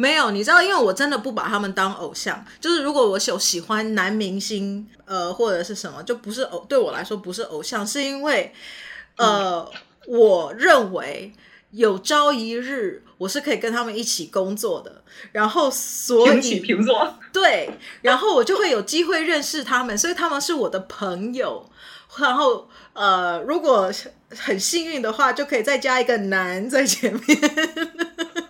沒有，你知道，因為我真的不把他們當偶像。就是如果我喜喜歡男明星，呃，或者是什麼，就不是偶，對我來說不是偶像，是因為，呃，我認為有朝一日我是可以跟他們一起工作的，然後所以平起平坐。對，然後我就會有機會認識他們，所以他們是我的朋友。然後，呃，如果很幸運的話，就可以再加一個男在前面。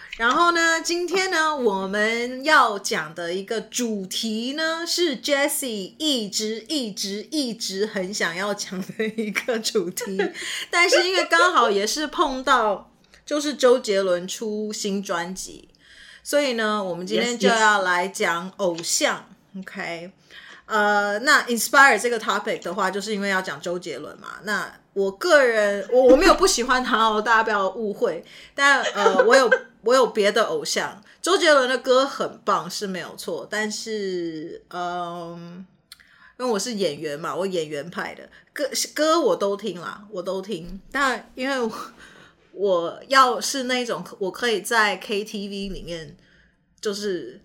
然後呢，今天呢，我們要講的一個主題呢，是 Jessie 一直一直一直很想要講的一個主題，但是因為剛好也是碰到，就是周杰倫出新專輯，所以呢，我們今天就要來講偶像 yes, yes. OK？呃，那 inspire 這個 topic 的話，就是因為要講周杰倫嘛。那我個人，我我沒有不喜歡他哦，大家不要誤會，但呃，我有。我有別的偶像，周杰倫的歌很棒是沒有錯，但是，嗯、呃，因為我是演員嘛，我演員派的歌歌我都聽啦，我都聽。但因為我，我要是那種我可以在 KTV 裡面就是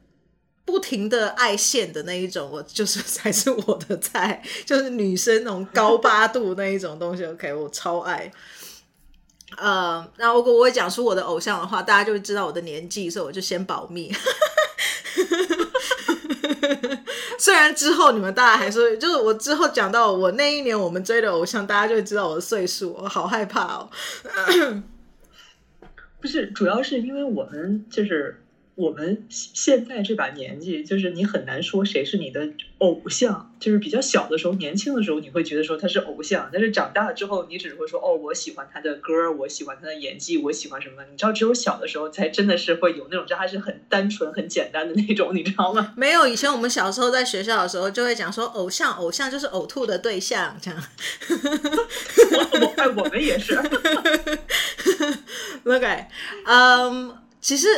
不停的愛現的那一種，我就是才是我的菜，就是女生那種高八度那一種東西 ，OK，我超愛。呃，那如果我會講出我的偶像的話，大家就會知道我的年紀，所以我就先保密。 雖然之後你們大家還說，就是我之後講到我那一年我們追的偶像，大家就會知道我的歲數，我好害怕哦。 不是，主要是因為我們就是。我們現現在這把年紀，就是你很難說誰是你的偶像。就是比較小的時候，年輕的時候，你會覺得說他是偶像，但是長大了之後，你只會說哦，我喜歡他的歌，我喜歡他的演技，我喜歡什麼。你知道，只有小的時候才真的是會有那種，他是很單純、很簡單的那種，你知道嗎？沒有，以前我們小時候在學校的時候，就會講說偶像，偶像就是嘔吐的對象，這樣。哎， 我們也是。OK，嗯，其實。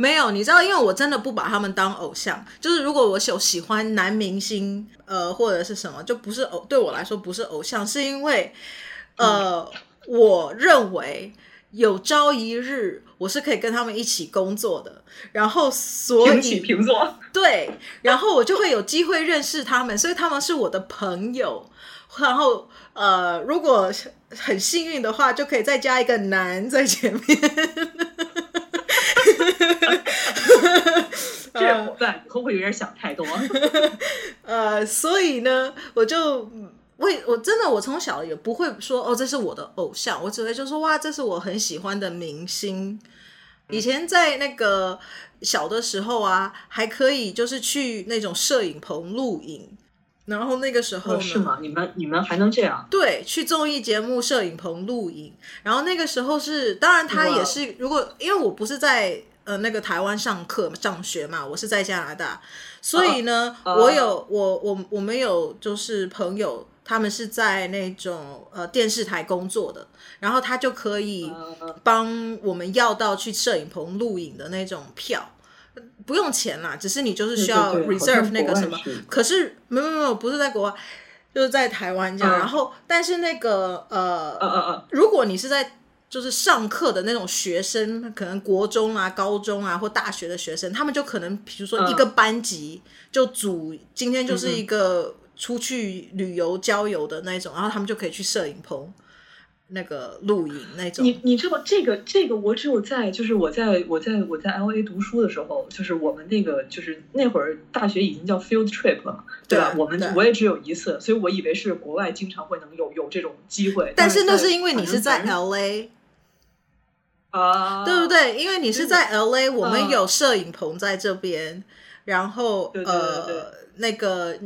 沒有，你知道，因為我真的不把他們當偶像。就是如果我喜喜歡男明星，呃，或者是什麼，就不是偶對我來說不是偶像，是因為，呃，我認為有朝一日我是可以跟他們一起工作的，然後所以平起平坐對，然後我就會有機會認識他們，所以他們是我的朋友。然後呃，如果很幸運的話，就可以再加一個男在前面。會不會有點想太多？ 呃，所以呢，我就我我真的我從小也不會說哦，這是我的偶像，我只會就說哇，這是我很喜歡的明星。以前在那個小的時候啊，還可以就是去那種攝影棚錄影，然後那個時候、哦、是嗎？你們你們還能這樣？對，去綜藝節目攝影棚錄影，然後那個時候是當然，他也是我如果因為我不是在。呃，那個台灣上課上學嘛，我是在加拿大，所以呢，uh, uh, 我有我我我們有就是朋友，他們是在那種呃電視台工作的，然後他就可以幫我們要到去攝影棚錄影的那種票，uh, 不用錢啦，只是你就是需要 reserve 那個什麼，可是沒有沒有沒有，不是在國外，就是在台灣這樣，uh, 然後但是那個呃，uh, uh, uh. 如果你是在。就是上課的那種學生，可能國中啊、高中啊或大學的學生，他們就可能，比如說一個班級就組，uh, 今天就是一個出去旅遊郊、mm hmm. 遊的那種，然後他們就可以去攝影棚那個錄影那種。你你知道這個這個，這個、我只有在就是我在我在我在 L A 讀書的時候，就是我們那個就是那會兒大學已經叫 field trip 了，對,對吧？我們對我也只有一次，所以我以為是國外經常會能有有這種機會。但是,但是那是因為你是在 L A。啊，uh, 對不對？因為你是在 LA，的我們有攝影棚在這邊，uh, 然後對對對對呃，那個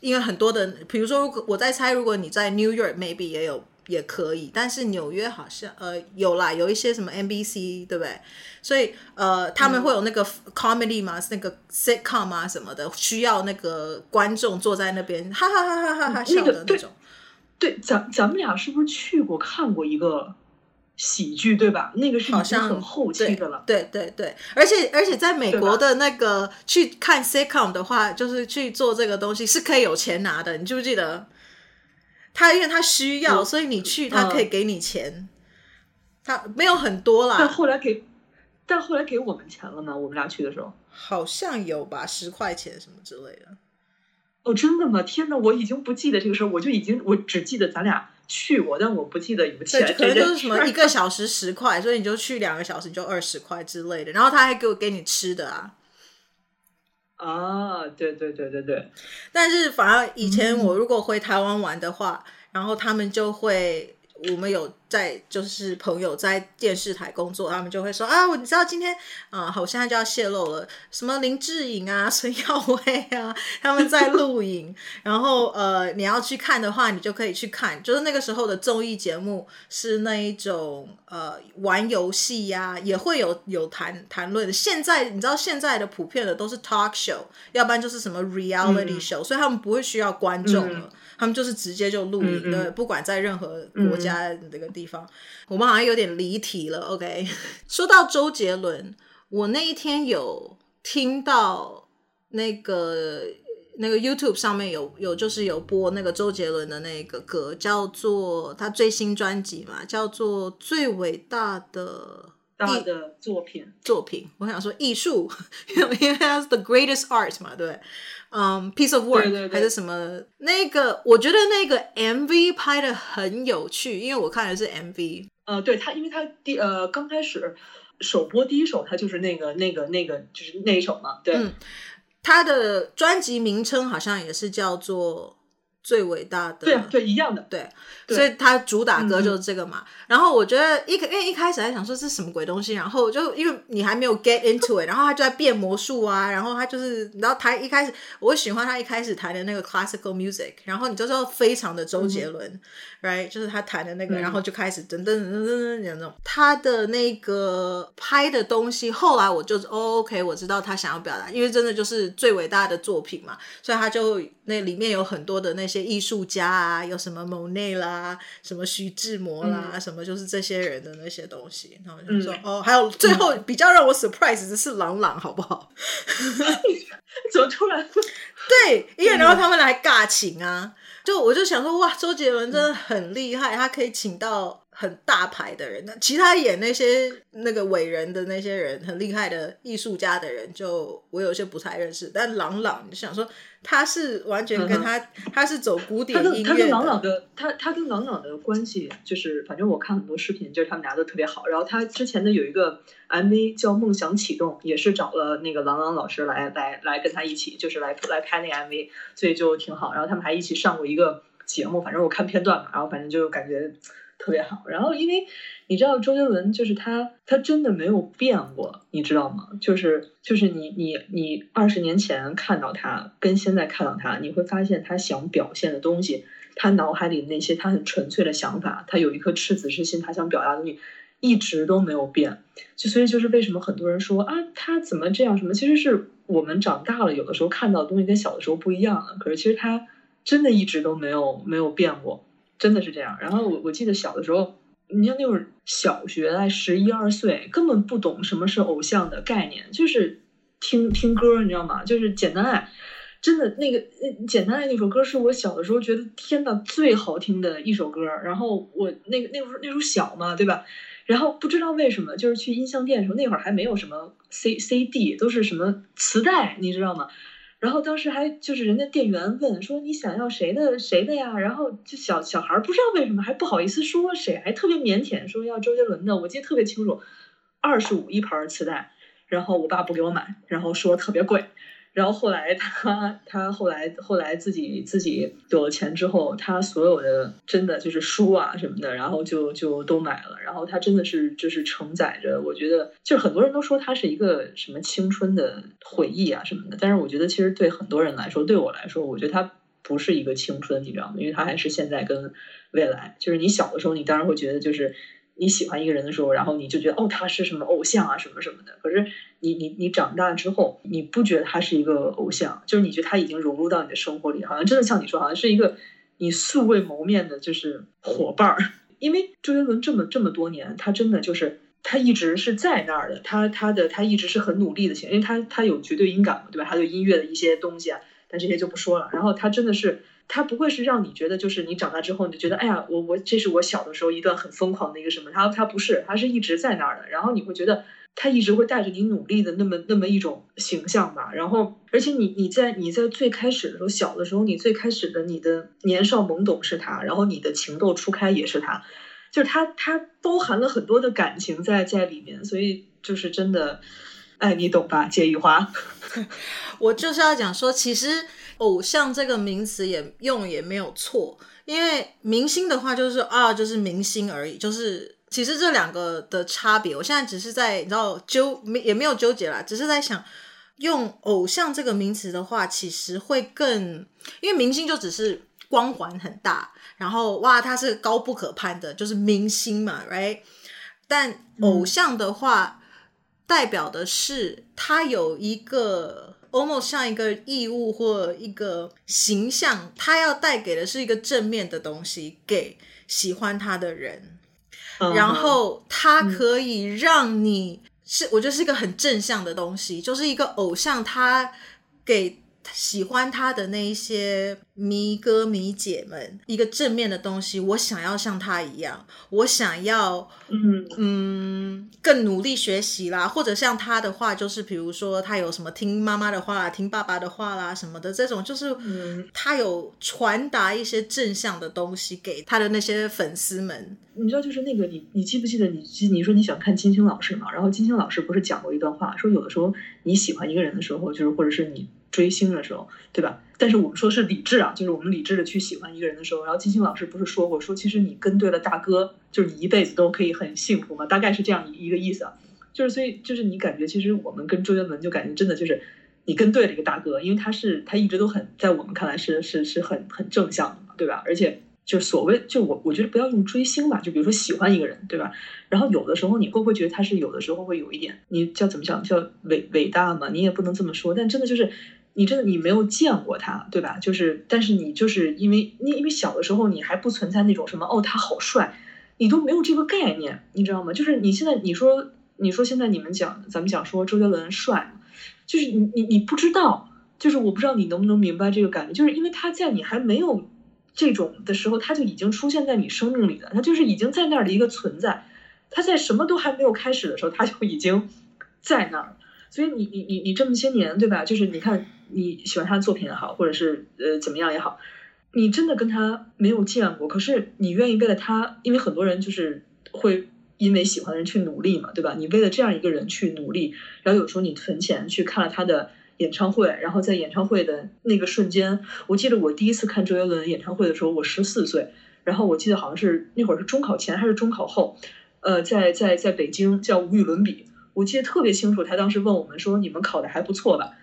因為很多的，比如說，如果我在猜，如果你在 New York，maybe 也有也可以，但是紐約好像呃有啦，有一些什麼 NBC，對不對？所以呃，他們會有那個 comedy 嘛，嗯、那個 sitcom 啊什麼的，需要那個觀眾坐在那邊哈哈哈哈哈哈笑的那種。那對，對，咱咱們倆是不是去過看過一個？喜劇對吧？那個是好像很後期的了。對對對，對，而且而且在美國的那個吧去看 sitcom 的話，就是去做這個東西是可以有錢拿的。你記不記得？他因為他需要，我所以你去，嗯、他可以給你錢。他沒有很多啦。但後來給，但後來給我們錢了呢。我們倆去的時候，好像有吧，十塊錢什麼之類的。哦，真的嗎？天哪，我已經不記得這個事兒，我就已經我只記得咱倆。去過，但我不記得有去。可能就是什麼一個小時十塊， 所以你就去兩個小時你就二十塊之類的。然後他還給我給你吃的啊。啊，對對對對對。但是反而以前我如果回台灣玩的話，嗯、然後他們就會我們有。 在就是朋友在電視台工作，他們就會說啊，我你知道今天啊、呃，好，像現在就要洩露了，什麼林志穎啊、孫耀威啊，他們在錄影。 然後呃，你要去看的話，你就可以去看。就是那個時候的綜藝節目是那一種呃玩遊戲呀、啊，也會有有談談論的。現在你知道現在的普遍的都是 talk show，要不然就是什麼 reality show，嗯、所以他們不會需要觀眾了，嗯嗯，他們就是直接就錄影，的、嗯嗯，不管在任何國家的那個地。嗯嗯地方，我們好像有點離題了。OK，說到周杰倫，我那一天有聽到那個那個 YouTube 上面有有就是有播那個周杰倫的那個歌，叫做他最新專輯嘛，叫做《最偉大的》。他的作品，作品，我想說藝術，因為因為他是 the greatest art 嘛，對，對，嗯、um,，piece of work 對對對，還是什麼？那個我覺得那個 MV 拍得很有趣，因為我看的是 MV、呃。呃，對他，因為他第呃剛開始首播第一首，他就是那個那個那個就是那一首嘛，對。他、嗯、的專輯名稱好像也是叫做。最偉大的對、啊，就一樣的對，對，所以他主打歌就是這個嘛。嗯、哼然後我覺得一，因為一開始還想說是什麼鬼東西，然後就因為你還沒有 get into it，然後他就在變魔術啊，然後他就是，然後他一開始我喜歡他一開始彈的那個 classical music，然後你就知道非常的周杰倫、嗯、哼，right，就是他彈的那個，嗯、哼然後就開始噔噔噔噔噔噔他的那個拍的東西，後來我就是、哦、OK，我知道他想要表達，因為真的就是最偉大的作品嘛，所以他就那裡面有很多的那些。些藝術家啊，有什麼莫內啦，什麼徐志摩啦，嗯、什麼就是這些人的那些東西，然後就說、嗯、哦，還有最後比較讓我 surprise 的是郎朗，好不好？ 走出來。對，因為然後他們來尬琴啊，嗯、就我就想說，哇，周杰倫真的很厲害，他可以請到很大牌的人。那其他演那些那個偉人的那些人，很厲害的藝術家的人，就我有些不太認識。但郎朗，你想說他是完全跟他，嗯、哼他是走古典音樂的。他跟郎朗的，他他跟郎朗的關係就是，反正我看很多視頻，就是他們倆都特別好。然後他之前呢有一個 MV 叫《夢想啟動》，也是找了那個郎朗老師來來來。來跟他一起就是來來拍那個 MV，所以就挺好。然後他們還一起上過一個節目，反正我看片段嘛。然後反正就感覺特別好。然後因為你知道周杰倫，就是他，他真的沒有變過，你知道嗎？就是就是你你你二十年前看到他，跟現在看到他，你會發現他想表現的東西，他腦海裡那些他很純粹的想法，他有一顆赤子之心，他想表達的東西一直都沒有變。就所以就是為什麼很多人說啊，他怎麼這樣什麼？其實是。我們長大了，有的時候看到的東西跟小的時候不一樣了，可是其實它真的一直都沒有沒有變過，真的是這樣。然後我我記得小的時候，你像那會兒小學，啊，十一二歲，根本不懂什麼是偶像的概念，就是聽聽歌，你知道嗎？就是簡單愛，真的那個簡單愛那首歌，是我小的時候覺得天哪最好聽的一首歌。然後我那個那會兒那時候小嘛，對吧？然後不知道為什麼，就是去音像店的時候，那會兒還沒有什麼 C C D，都是什麼磁帶，你知道嗎？然後當時還就是人家店員問說你想要誰的誰的呀？然後就小小孩不知道為什麼還不好意思說誰，還特別靦腆說要周杰倫的。我記得特別清楚，二十五一盤磁帶，然後我爸不給我買，然後說特別貴。然後後來他他後來後來自己自己有了錢之後，他所有的真的就是書啊什麼的，然後就就都買了。然後他真的是就是承載着，我覺得就是很多人都說他是一個什麼青春的回憶啊什麼的，但是我覺得其實對很多人來說，對我來說，我覺得他不是一個青春，你知道嗎？因為他還是現在跟未來，就是你小的時候，你當然會覺得就是。你喜歡一個人的時候，然後你就覺得哦，他是什麼偶像啊，什麼什麼的。可是你你你長大之後，你不覺得他是一個偶像，就是你覺得他已經融入到你的生活裡，好像真的像你說，好像是一個你素未謀面的，就是夥伴兒。因為周杰倫這麼這麼多年，他真的就是他一直是在那兒的，他他的他一直是很努力的，因為他他有絕對音感嘛，對吧？他對音樂的一些東西啊，但這些就不說了。然後他真的是。他不會是讓你覺得，就是你長大之後你就覺得，哎呀，我我這是我小的時候一段很瘋狂的一個什麼？他他不是，他是一直在那兒的。然後你會覺得，他一直會帶着你努力的那麼那麼一種形象吧。然後，而且你你在你在最開始的時候，小的時候，你最開始的你的年少懵懂是他，然後你的情竇初開也是他，就是他他包含了很多的感情在在裡面，所以就是真的。哎、你懂吧？解語花， 我就是要講說，其實“偶像”這個名詞也用也沒有錯，因為明星的話就是啊，就是明星而已，就是其實這兩個的差別，我現在只是在你知道糾，也沒有糾結啦，只是在想用“偶像”這個名詞的話，其實會更因為明星就只是光環很大，然後哇，他是高不可攀的，就是明星嘛，right？但偶像的話。嗯代表的是他有一個 almost 像一個義務或一個形象，他要帶給的是一個正面的東西給喜歡他的人，oh, 然後他可以讓你、嗯、是我覺得是一個很正向的東西，就是一個偶像他給。喜歡他的那一些迷哥迷姐們，一個正面的東西，我想要像他一樣，我想要，嗯嗯，更努力學習啦，或者像他的話，就是比如說他有什麼聽媽媽的話，聽爸爸的話啦什麼的，這種就是，嗯，他有傳達一些正向的東西給他的那些粉絲們。你知道，就是那個你，你記不記得你，記你說你想看金星老師嘛，然後金星老師不是講過一段話，說有的時候你喜歡一個人的時候，就是或者是你，追星的時候，對吧？但是我們說是理智啊，就是我們理智的去喜歡一個人的時候。然後金星老師不是說過，說其實你跟對了大哥，就是你一輩子都可以很幸福嘛，大概是這樣一個意思。就是所以，就是你感覺其實我們跟周杰倫就感覺真的就是你跟對了一個大哥，因為他是他一直都很在我們看來是是是很很正向的嘛，對吧？而且就所謂就我我覺得不要用追星吧，就比如說喜歡一個人，對吧？然後有的時候你會不會覺得他是有的時候會有一點你叫怎麼講叫偉偉大嘛？你也不能這麼說，但真的就是。你真的你沒有見過他，對吧？就是，但是你就是因為你因為小的時候你還不存在那種什麼哦，他好帥，你都沒有這個概念，你知道嗎？就是你現在你說你說現在你們講咱們講說周杰倫帥，就是你你你不知道，就是我不知道你能不能明白這個感覺，就是因為他在你還沒有這種的時候，他就已經出現在你生命裡了，他就是已經在那兒的一個存在，他在什麼都還沒有開始的時候，他就已經在那兒，所以你你你你這麼些年，對吧？就是你看。你喜歡他的作品也好，或者是呃怎麼樣也好，你真的跟他沒有見過，可是你願意為了他，因為很多人就是會因為喜歡的人去努力嘛，對吧？你為了這樣一個人去努力，然後有時候你存錢去看了他的演唱會，然後在演唱會的那個瞬間，我記得我第一次看周杰倫演唱會的時候，我十四歲，然後我記得好像是那會兒是中考前還是中考後，呃，在在在北京叫無與倫比，我記得特別清楚，他當時問我們說，你們考得還不錯吧。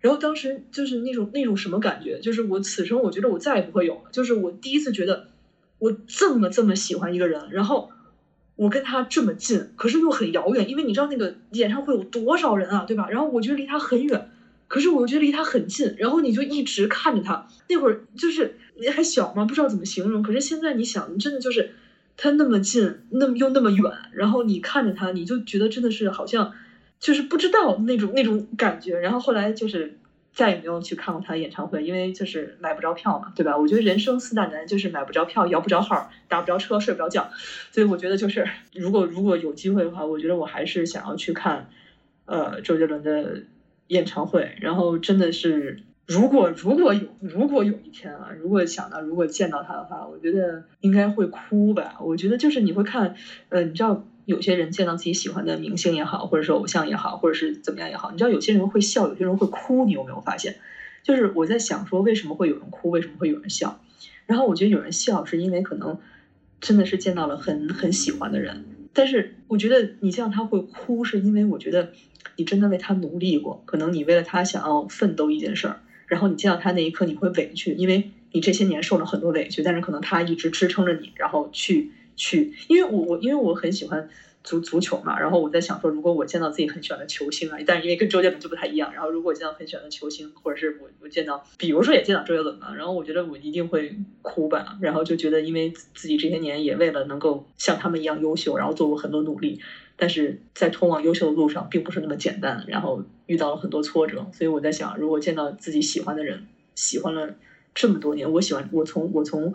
然後當時就是那種那種什麼感覺，就是我此生我覺得我再也不會有了，就是我第一次覺得我這麼這麼喜歡一個人，然後我跟他這麼近，可是又很遙遠，因為你知道那個演唱會有多少人啊，對吧？然後我覺得離他很遠，可是我又覺得離他很近，然後你就一直看着他，那會兒就是你還小嘛，不知道怎麼形容，可是現在你想，你真的就是他那麼近，那麼又那麼遠，然後你看着他，你就覺得真的是好像。就是不知道那種那種感覺，然後後來就是再也沒有去看過他的演唱會，因為就是買不着票嘛，對吧？我覺得人生四大難就是買不着票，搖不着號，打不着車，睡不着覺，所以我覺得就是如果如果有機會的話，我覺得我還是想要去看，呃，周杰倫的演唱會。然後真的是，如果如果有如果有一天啊，如果想到如果見到他的話，我覺得應該會哭吧。我覺得就是你會看，呃，你知道。有些人見到自己喜歡的明星也好，或者說偶像也好，或者是怎麼樣也好，你知道有些人會笑，有些人會哭，你有沒有發現？就是我在想說，為什麼會有人哭，為什麼會有人笑？然後我覺得有人笑是因為可能真的是見到了很很喜歡的人，但是我覺得你見到他會哭，是因為我覺得你真的為他努力過，可能你為了他想要奮鬥一件事兒，然後你見到他那一刻你會委屈，因為你這些年受了很多委屈，但是可能他一直支撐着你，然後去。去，因為我我因為我很喜歡足足球嘛，然後我在想說，如果我見到自己很喜歡的球星啊，但是因為跟周杰倫就不太一樣，然後如果我見到很喜歡的球星，或者是我我見到，比如說也見到周杰倫了，然後我覺得我一定會哭吧，然後就覺得因為自己這些年也為了能夠像他們一樣優秀，然後做過很多努力，但是在通往優秀的路上並不是那麼簡單，然後遇到了很多挫折，所以我在想，如果見到自己喜歡的人，喜歡了這麼多年，我喜歡我從我從。我從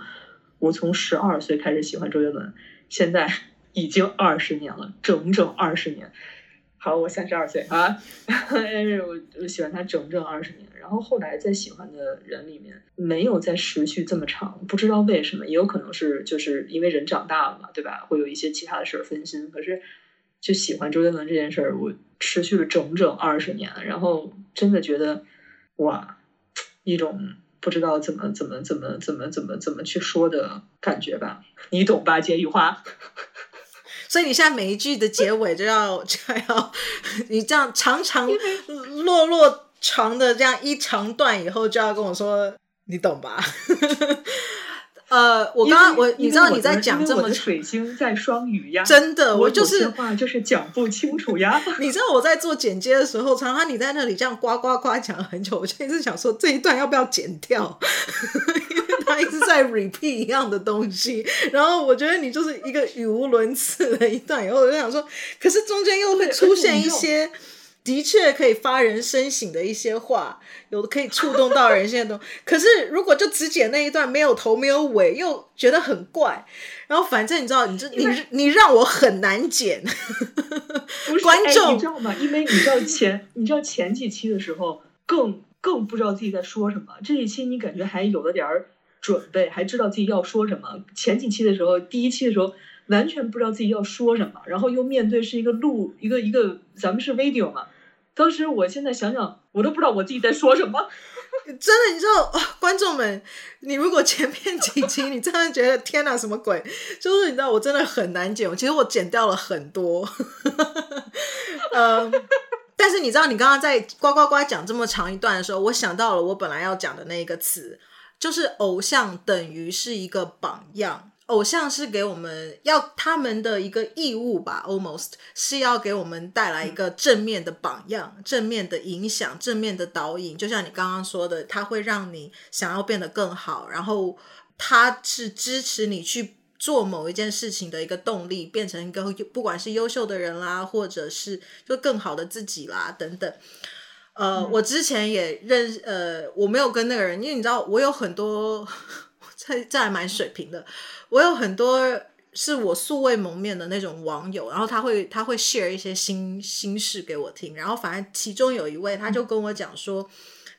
我從十二歲開始喜歡周杰倫，現在已經二十年了，整整二十年。好，我三十二歲啊，我、哎、我喜歡他整整二十年。然後後來在喜歡的人裡面，沒有再持續這麼長，不知道為什麼，也有可能是就是因為人長大了嘛，對吧？會有一些其他的事兒分心。可是，就喜歡周杰倫這件事兒，我持續了整整二十年。然後真的覺得，哇，一種。不知道怎麼怎麼怎麼怎麼怎麼怎麼去說的感覺吧，你懂吧？結語話，所以你現在每一句的結尾就要 就要，你這樣長長 落落長的這樣一長段以後，就要跟我說，你懂吧？ 呃，我剛剛我你知道你在講這麼，我的水星在雙魚呀。真的，我就是我話就是講不清楚呀。 你知道我在做剪接的時候，常常你在那裡這樣呱呱呱講很久，我就一直想說這一段要不要剪掉， 因為他一直在 repeat 一樣的東西。 然後我覺得你就是一個語無倫次的一段，然後我就想說，可是中間又會出現一些。的確可以發人深省的一些話，有的可以觸動到人。現在都 可是，如果就只剪那一段，沒有頭沒有尾，又覺得很怪。然後反正你知道你，為你這你你讓我很難剪。 不是觀眾、哎、你知道嗎？因為你知道前你知道前幾期的時候更更不知道自己在說什麼，這一期你感覺還有了點兒準備，還知道自己要說什麼。前幾期的時候，第一期的時候完全不知道自己要說什麼，然後又面對是一個錄一個一個，咱們是 video 嘛。當時，我現在想想，我都不知道我自己在說什麼， 真的，你知道、哦，觀眾們，你如果前面幾集，你真的覺得 天哪，什麼鬼？就是你知道，我真的很難剪，其實我剪掉了很多、 呃，但是你知道，你剛剛在呱呱呱講這麼長一段的時候，我想到了我本來要講的那一個詞，就是偶像等於是一個榜樣。偶像是給我們要他們的一個義務吧，almost 是要給我們帶來一個正面的榜樣、嗯、正面的影響、正面的導引。就像你剛剛說的，它會讓你想要變得更好，然後他是支持你去做某一件事情的一個動力，變成一個不管是優秀的人啦，或者是就更好的自己啦等等。呃，嗯、我之前也認識，呃，我沒有跟那個人，因為你知道我有很多，在在還蠻水平的。我有很多是我素未謀面的那種網友，然後他會他會 share 一些心心事給我聽，然後反正其中有一位他就跟我講說，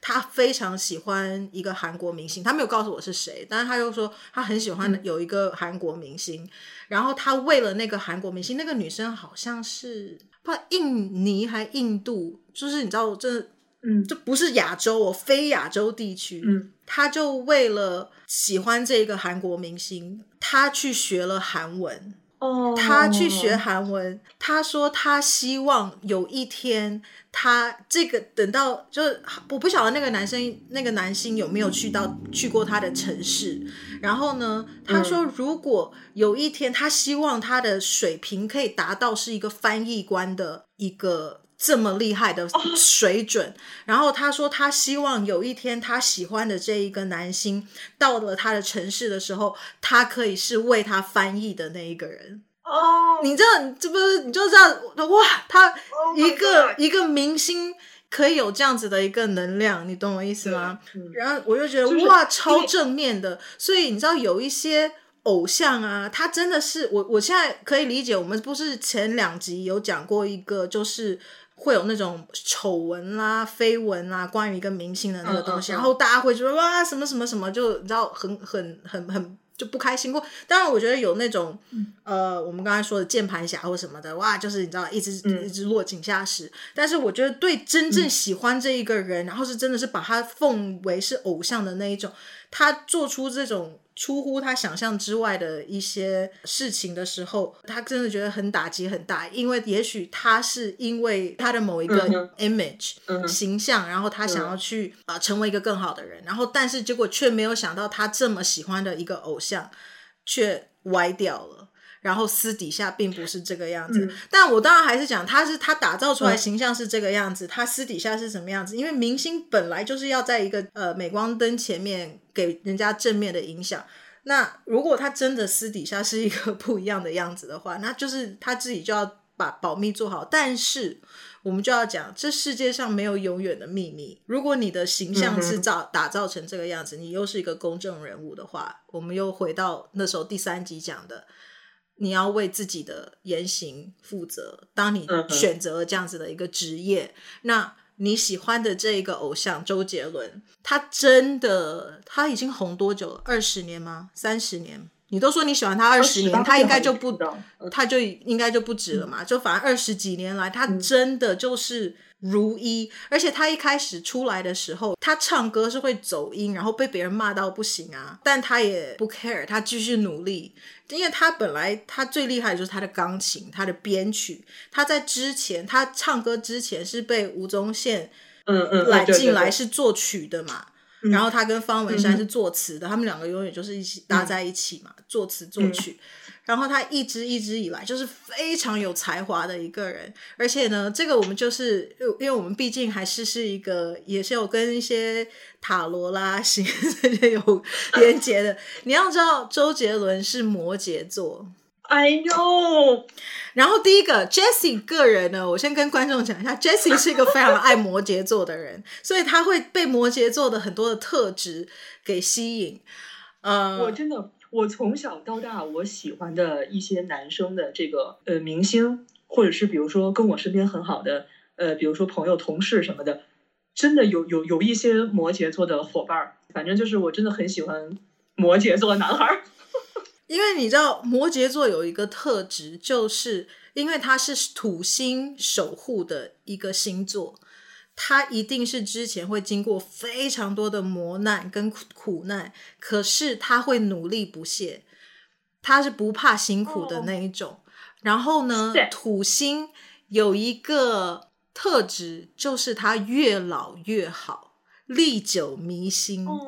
他非常喜歡一個韓國明星，他沒有告訴我是誰，但是他又說他很喜歡有一個韓國明星，嗯、然後他為了那個韓國明星，那個女生好像是不知道印尼還印度，就是你知道我這。嗯，這不是亞洲，哦，非亞洲地區。嗯，他就為了喜歡這個韓國明星，他去學了韓文。哦，他去學韓文，他說他希望有一天他，他這個等到就是，我不曉得那個男生那個男星有沒有去到、嗯、去過他的城市。然後呢，他說如果有一天他希望他的水平可以達到是一個翻譯官的一個。這麼厲害的水準，oh. 然後他說他希望有一天他喜歡的這一個男星到了他的城市的時候，他可以是為他翻譯的那一個人哦。Oh. 你知道這不是，你就這樣哇？他一個、oh、my God、一個明星可以有這樣子的一個能量，你懂我意思嗎？Yeah. 然後我就覺得、就是、哇，超正面的。就是、所以你知道有一些偶像啊，他真的是我我現在可以理解。我們不是前兩集有講過一個就是。會有那種醜聞啦、啊、緋聞啊，關於一個明星的那個東西，嗯、然後大家會覺得、嗯、哇，什麼什麼什麼，就你知道，很很很很就不開心過。過當然，我覺得有那種、嗯、呃，我們剛才說的鍵盤俠或什麼的，哇，就是你知道，一直一直落井下石。嗯、但是我覺得，對真正喜歡這一個人，嗯、然後是真的是把他奉為是偶像的那一種，他做出這種。出乎他想象之外的一些事情的時候，他真的覺得很打擊很大，因為也許他是因為他的某一個 image、嗯嗯、形象，然後他想要去啊、嗯哼呃、成為一個更好的人，然後但是結果卻沒有想到他這麼喜歡的一個偶像，卻歪掉了。然後私底下並不是這個樣子，嗯、但我當然還是講他是他打造出來形象是這個樣子，嗯、他私底下是什麼樣子？因為明星本來就是要在一個呃鎂光燈前面給人家正面的影響。那如果他真的私底下是一個不一樣的樣子的話，那就是他自己就要把保密做好。但是我們就要講，這世界上沒有永遠的秘密。如果你的形象製造打造成這個樣子，你又是一個公眾人物的話，我們又回到那時候第三集講的。你要為自己的言行負責。當你選擇了這樣子的一個職業，uh huh. 那你喜歡的這一個偶像周杰倫，他真的他已經紅多久了？二十年嗎？三十年？你都說你喜歡他二十年，啊、他應該就不，他就應該就不止了嘛？嗯、就反而二十幾年來，他真的就是。嗯如一，而且他一開始出來的時候，他唱歌是會走音，然後被別人罵到不行啊，但他也不 care，他繼續努力，因為他本來他最厲害的就是他的鋼琴，他的編曲，他在之前他唱歌之前是被吳宗憲，呃呃攬進來是作曲的嘛，嗯嗯、對對對，然後他跟方文山是作詞的，嗯、他們兩個永遠就是一起搭在一起嘛，作詞、嗯、作曲。嗯然後他一直一直以來就是非常有才華的一個人，而且呢，這個我們就是，因為我們畢竟還是是一個，也是有跟一些塔羅拉行，有連接的。你要知道，周杰倫是摩羯座，哎呦！然後第一個，Jesse 個人呢，我先跟觀眾講一下，Jesse 是一個非常愛摩羯座的人， 所以他會被摩羯座的很多的特質給吸引。嗯、呃，我真的。我從小到大，我喜歡的一些男生的這個呃明星，或者是比如說跟我身邊很好的呃，比如說朋友、同事什麼的，真的有有有一些摩羯座的伙伴兒，反正就是我真的很喜歡摩羯座男孩兒， 因為你知道摩羯座有一個特質，就是因為他是土星守護的一個星座。他一定是之前會經過非常多的磨難跟苦苦難，可是他會努力不懈，他是不怕辛苦的那一種。哦、然後呢，對土星有一個特質，就是他越老越好，歷久彌新。哦、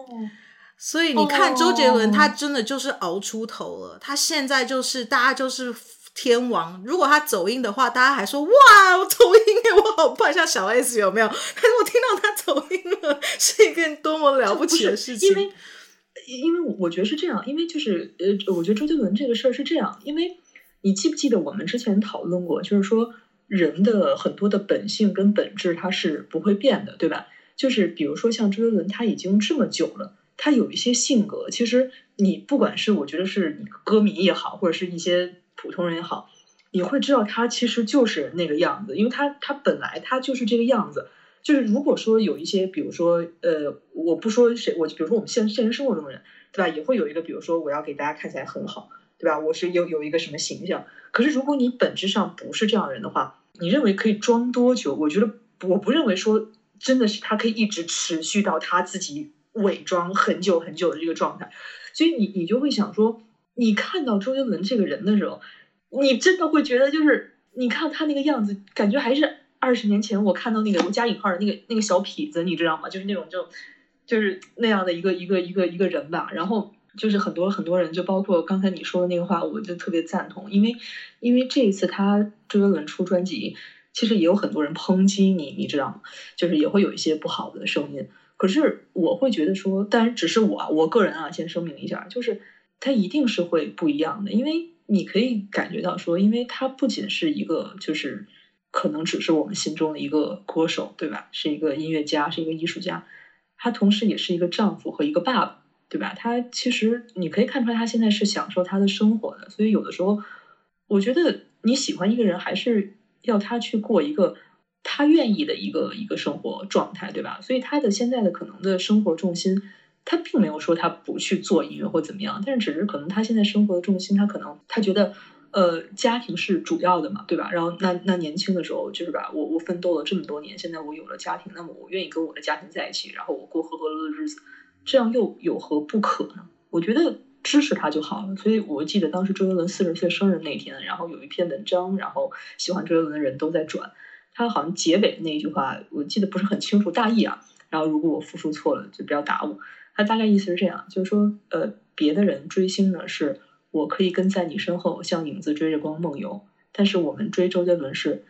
所以你看周杰倫，他真的就是熬出頭了，他現在就是大家就是。天王，如果他走音的話，大家還說哇，我走音哎，我好怕像小 S 有沒有？但是我聽到他走音了，是一件多麼了不起的事情。因為，因為我覺得是這樣，因為就是呃，我覺得周杰倫這個事兒是這樣。因為你記不記得我們之前討論過，就是說人的很多的本性跟本質它是不會變的，對吧？就是比如說像周杰倫，他已經這麼久了，他有一些性格，其實你不管是我覺得是歌迷也好，或者是一些。普通人也好，你會知道他其實就是那個樣子，因為他他本來他就是這個樣子。就是如果說有一些，比如說呃，我不說誰，我比如說我們現現實生活中的人，對吧？也會有一個，比如說我要給大家看起來很好，對吧？我是有有一個什麼形象。可是如果你本質上不是這樣的人的話，你認為可以裝多久？我覺得我不認為說真的是他可以一直持續到他自己偽裝很久很久的這個狀態。所以你你就會想說。你看到周杰倫這個人的時候，你真的會覺得，就是你看他那個樣子，感覺還是二十年前我看到那個加引號的那個那個小痞子，你知道嗎？就是那種就，就是那樣的一個一個一個一個人吧。然後就是很多很多人，就包括剛才你說的那個話，我就特別贊同，因為因為這一次他周杰倫出專輯，其實也有很多人抨擊你，你知道嗎？就是也會有一些不好的聲音。可是我會覺得說，當然只是我，我個人啊，先聲明一下，就是。他一定是會不一樣的，因為你可以感覺到說，因為他不僅是一個，就是可能只是我們心中的一個歌手，對吧？是一個音樂家，是一個藝術家，他同時也是一個丈夫和一個爸爸，對吧？他其實你可以看出來，他現在是享受他的生活的，所以有的時候，我覺得你喜歡一個人，還是要他去過一個他願意的一個一個生活狀態，對吧？所以他的現在的可能的生活重心。他並沒有說他不去做音樂或怎麼樣，但是只是可能他現在生活的重心，他可能他覺得，呃，家庭是主要的嘛，對吧？然後那那年輕的時候就是吧，我我奮鬥了這麼多年，現在我有了家庭，那麼我願意跟我的家庭在一起，然後我過和和樂的日子，這樣又有何不可呢？我覺得支持他就好了。所以我記得當時周杰倫四十歲生日那天，然後有一篇文章，然後喜歡周杰倫的人都在轉，他好像結尾那一句話我記得不是很清楚大意啊，然後如果我複述錯了，就不要打我。他大概意思是這樣，就是說，呃，別的人追星呢，是我可以跟在你身後，像影子追着光夢遊；但是我們追周杰倫是，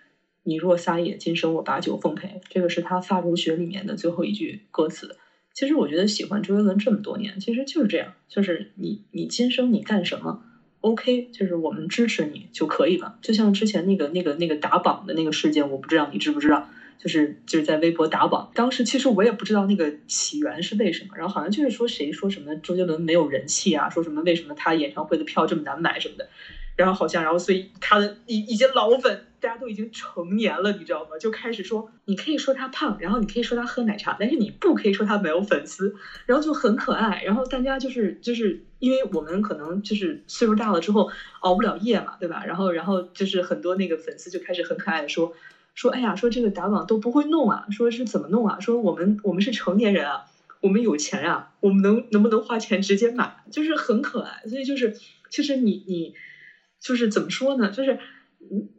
你若撒野，今生我把酒奉陪。這個是他《髮如雪》裡面的最後一句歌詞。其實我覺得喜歡周杰倫這麼多年，其實就是這樣，就是你你今生你幹什麼，OK，就是我們支持你就可以了。就像之前那個那個那個打榜的那個事件，我不知道你知不知道？就是就是在微博打榜，當時其實我也不知道那個起源是為什麼，然後好像就是說，誰說什麼周杰倫沒有人氣啊，說什麼為什麼他演唱會的票這麼難買什麼的，然後好像然後所以他的一一些老粉大家都已經成年了，你知道嗎？就開始說，你可以說他胖，然後你可以說他喝奶茶，但是你不可以說他沒有粉絲，然後就很可愛，然後大家就是就是因為我們可能就是歲數大了之後熬不了夜嘛，對吧？然後然後就是很多那個粉絲就開始很可愛的說。說哎呀，說這個打榜都不會弄啊，說是怎麼弄啊？說我們我們是成年人啊，我們有錢啊，我們能能不能花錢直接買？就是很可愛，所以就是其實、就是、你你就是怎麼說呢？就是，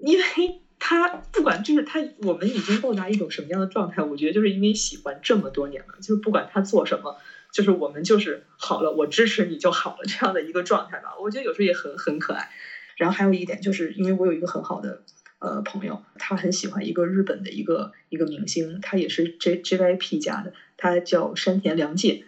因為他不管就是他，我們已經到達一種什麼樣的狀態？我覺得就是因為喜歡這麼多年了，就是不管他做什麼，就是我們就是好了，我支持你就好了這樣的一個狀態吧。我覺得有時候也很很可愛。然後還有一點就是因為我有一個很好的。呃，朋友，他很喜歡一個日本的一個一個明星，他也是 J JYP 家的，他叫山田涼介。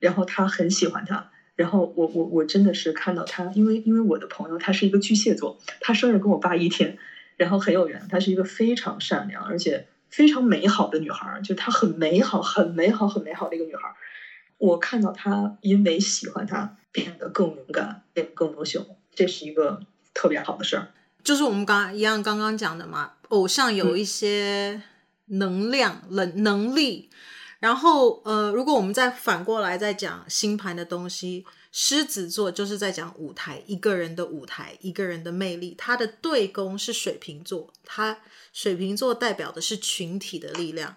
然後他很喜歡他。然後我我我真的是看到他，因為因為我的朋友，他是一個巨蟹座，他生日跟我爸一天，然後很有緣。她是一個非常善良而且非常美好的女孩，就她很美好，很美好，很美好的一個女孩。我看到她因為喜歡他變得更勇敢，變得更優秀，這是一個特別好的事兒。就是我們剛一樣剛剛講的嘛，偶像有一些能量能能力，然後呃，如果我們再反過來再講星盤的東西，獅子座就是在講舞台，一個人的舞台，一個人的魅力。他的對宮是水瓶座，他水瓶座代表的是群體的力量。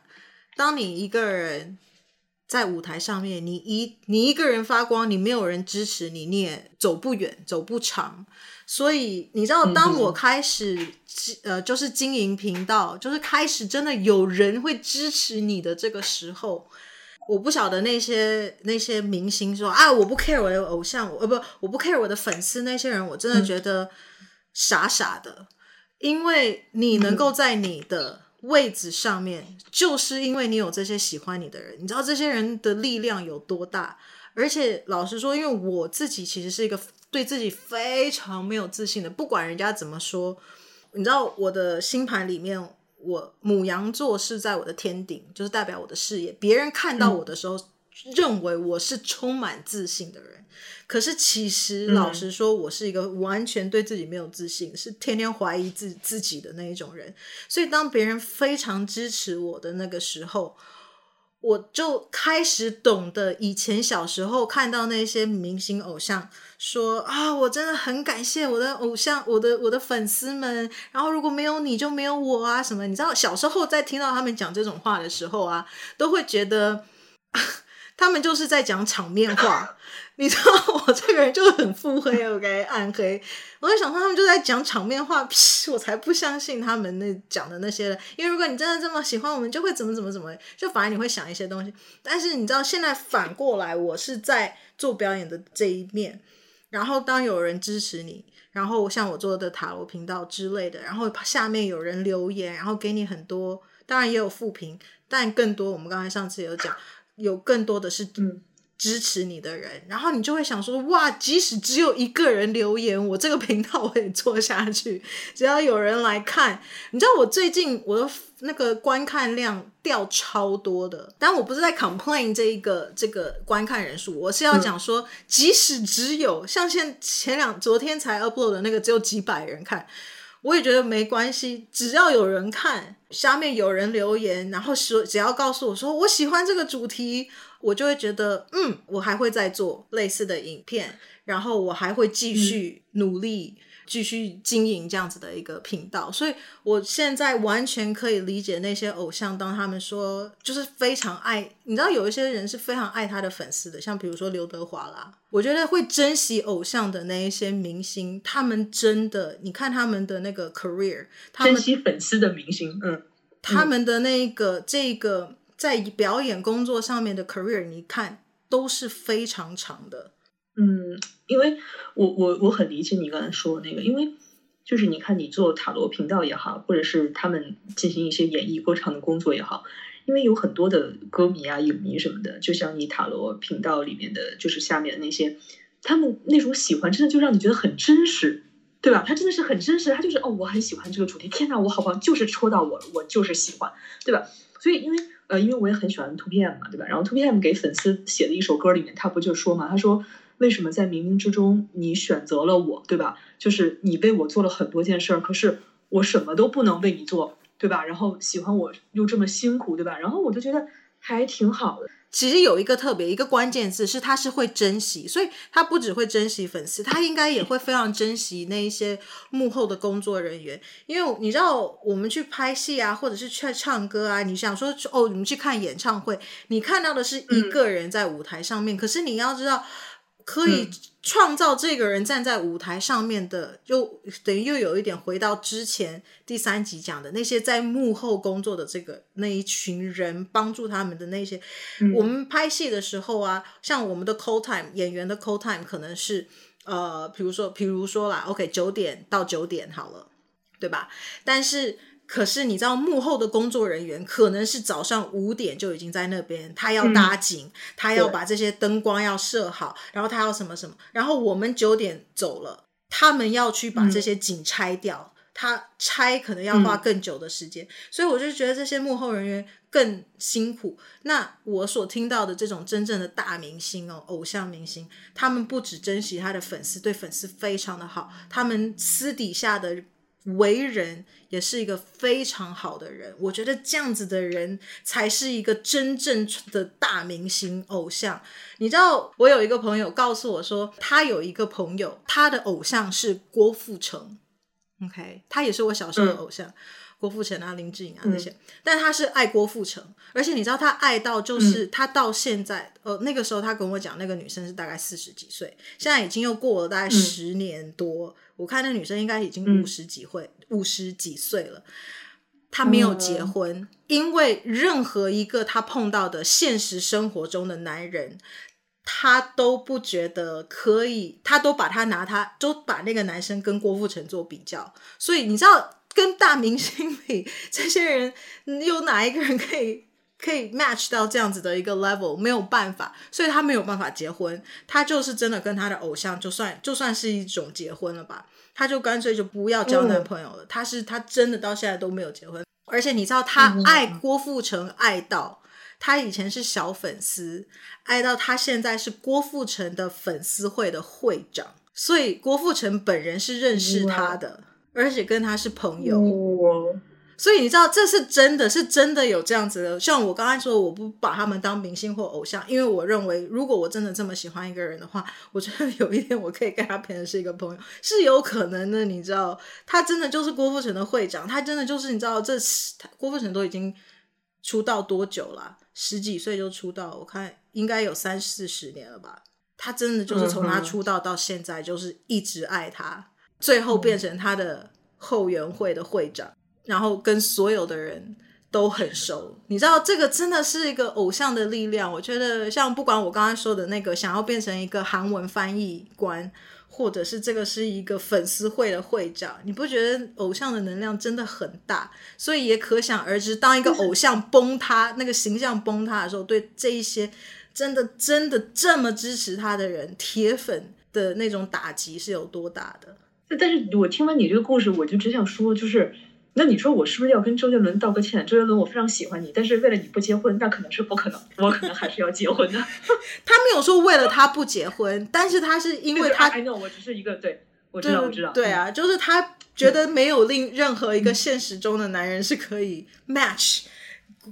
當你一個人在舞台上面，你一你一個人發光，你沒有人支持你，你也走不遠，走不長。所以你知道，當我開始，嗯、哼呃，就是經營頻道，就是開始真的有人會支持你的這個時候，我不曉得那些那些明星說啊，我不 care 我的偶像，呃，不，我不 care 我的粉絲那些人，我真的覺得傻傻的，嗯、因為你能夠在你的位置上面，嗯、就是因為你有這些喜歡你的人，你知道這些人的力量有多大，而且老實說，因為我自己其實是一個。對自己非常沒有自信的，不管人家怎麼說，你知道我的星盤裡面，我牡羊座是在我的天頂，就是代表我的事業。別人看到我的時候，嗯、認為我是充滿自信的人，可是其實老實說，我是一個完全對自己沒有自信，嗯、是天天懷疑自自己的那一種人。所以當別人非常支持我的那個時候。我就開始懂得，以前小時候看到那些明星偶像說啊，我真的很感謝我的偶像，我的我的粉絲們，然後如果沒有你就沒有我啊，什麼，你知道小時候在聽到他們講這種話的時候啊，都會覺得。他們就是在講場面話，你知道我這個人就很腹黑，我、okay？給暗黑。我在想說他們就在講場面話，我才不相信他們那講的那些。因為如果你真的這麼喜歡，我們就會怎麼怎麼怎麼，就反而你會想一些東西。但是你知道，現在反過來，我是在做表演的這一面。然後當有人支持你，然後像我做的塔羅頻道之類的，然後下面有人留言，然後給你很多，當然也有負評，但更多我們剛才上次有講。有更多的是支持你的人，嗯、然後你就會想說：哇，即使只有一個人留言，我這個頻道我也做下去。只要有人來看，你知道我最近我的那個觀看量掉超多的，但我不是在 complain 這一個這個觀看人數，我是要講說，嗯、即使只有像先前兩昨天才 upload 的那個只有幾百人看。我也覺得沒關係，只要有人看，下面有人留言，然後說只要告訴我說我喜歡這個主題，我就會覺得嗯，我還會再做類似的影片，然後我還會繼續努力。嗯繼續經營這樣子的一個頻道，所以我現在完全可以理解那些偶像，當他們說就是非常愛，你知道有一些人是非常愛他的粉絲的，像比如說劉德華啦，我覺得會珍惜偶像的那一些明星，他們真的，你看他們的那個 career，他們珍惜粉絲的明星，嗯，他們的那個、嗯、這個在表演工作上面的 career，你看都是非常長的。嗯，因為我我我很理解你剛才說的那個，因為就是你看你做塔羅頻道也好，或者是他們進行一些演繹歌唱的工作也好，因為有很多的歌迷啊、影迷什麼的，就像你塔羅頻道裡面的，就是下面的那些，他們那種喜歡真的就讓你覺得很真實，對吧？他真的是很真實，他就是哦，我很喜歡這個主題，天哪，我好棒，就是戳到我，我就是喜歡，對吧？所以因為呃，因為我也很喜歡 2PM 嘛，對吧？然後 2PM 給粉絲寫的一首歌裡面，他不就說嘛，他說。為什麼在冥冥之中你選擇了我，對吧？就是你為我做了很多件事兒，可是我什麼都不能為你做，對吧？然後喜歡我又這麼辛苦，對吧？然後我就覺得還挺好的。其實有一個特別一個關鍵字是，他是會珍惜，所以他不只會珍惜粉絲，他應該也會非常珍惜那一些幕後的工作人員，因為你知道我們去拍戲啊，或者是去唱歌啊，你想說哦，你們去看演唱會，你看到的是一個人在舞台上面，嗯、可是你要知道。可以創造這個人站在舞台上面的，又、嗯、等於又有一點回到之前第三集講的那些在幕後工作的這個那一群人，幫助他們的那些。嗯、我們拍戲的時候啊，像我們的 call time，演員的 call time 可能是呃，比如說，比如說啦，OK，九點到九點好了，對吧？但是。可是你知道，幕後的工作人員可能是早上五點就已經在那邊，他要搭景，嗯、他要把這些燈光要設好，對然後他要什麼什麼，然後我們九點走了，他們要去把這些景拆掉，嗯、他拆可能要花更久的時間，嗯、所以我就覺得這些幕後人員更辛苦。那我所聽到的這種真正的大明星哦，偶像明星，他們不只珍惜他的粉絲，對粉絲非常的好，他們私底下的。為人也是一個非常好的人，我覺得這樣子的人才是一個真正的大明星偶像。你知道，我有一個朋友告訴我說，他有一個朋友，他的偶像是郭富城。OK，他也是我小時候的偶像。嗯郭富城啊，林志穎啊那些，嗯、但他是愛郭富城，而且你知道他愛到就是他到現在，嗯、呃，那個時候他跟我講，那個女生是大概四十幾歲，現在已經又過了大概十年多，嗯、我看那女生應該已經五十幾歲，五十、嗯、幾歲了，她沒有結婚，嗯、因為任何一個他碰到的現實生活中的男人，他都不覺得可以，他都把他拿他，就把那個男生跟郭富城做比較，所以你知道。跟大明星比，這些人有哪一個人可以可以 match 到這樣子的一個 level？沒有辦法，所以他沒有辦法結婚。他就是真的跟他的偶像，就算就算是一種結婚了吧。他就乾脆就不要交男朋友了。嗯、他是他真的到現在都沒有結婚。而且你知道，他愛郭富城，愛到嗯嗯他以前是小粉絲，愛到他現在是郭富城的粉絲會的會長。所以郭富城本人是認識他的。而且跟他是朋友，哦、所以你知道這是真的是真的有這樣子的。像我剛才說，我不把他們當明星或偶像，因為我認為如果我真的這麼喜歡一個人的話，我覺得有一天我可以跟他變成是一個朋友，是有可能的。你知道，他真的就是郭富城的會長，他真的就是你知道這，這郭富城都已經出道多久了，啊？十幾歲就出道，我看應該有三四十年了吧。他真的就是從他出道到現在，就是一直愛他。嗯最後變成他的後援會的會長，嗯、然後跟所有的人都很熟。 你知道，這個真的是一個偶像的力量。我覺得，像不管我剛剛說的那個，想要變成一個韓文翻譯官，或者是這個是一個粉絲會的會長，你不覺得偶像的能量真的很大？所以也可想而知，當一個偶像崩塌，嗯、那個形象崩塌的時候，對這一些真的真的這麼支持他的人，鐵粉的那種打擊是有多大的？但是我聽完你這個故事，我就只想說，就是那你說我是不是要跟周杰倫道個歉？周杰倫，我非常喜歡你，但是為了你不結婚，那可能是不可能，我可能還是要結婚的。 他沒有說為了他不結婚， 但是他是因為他、就是、I know，我只是一個，對我知道，我知道，對，知道對啊，嗯、就是他覺得沒有令任何一個現實中的男人是可以 match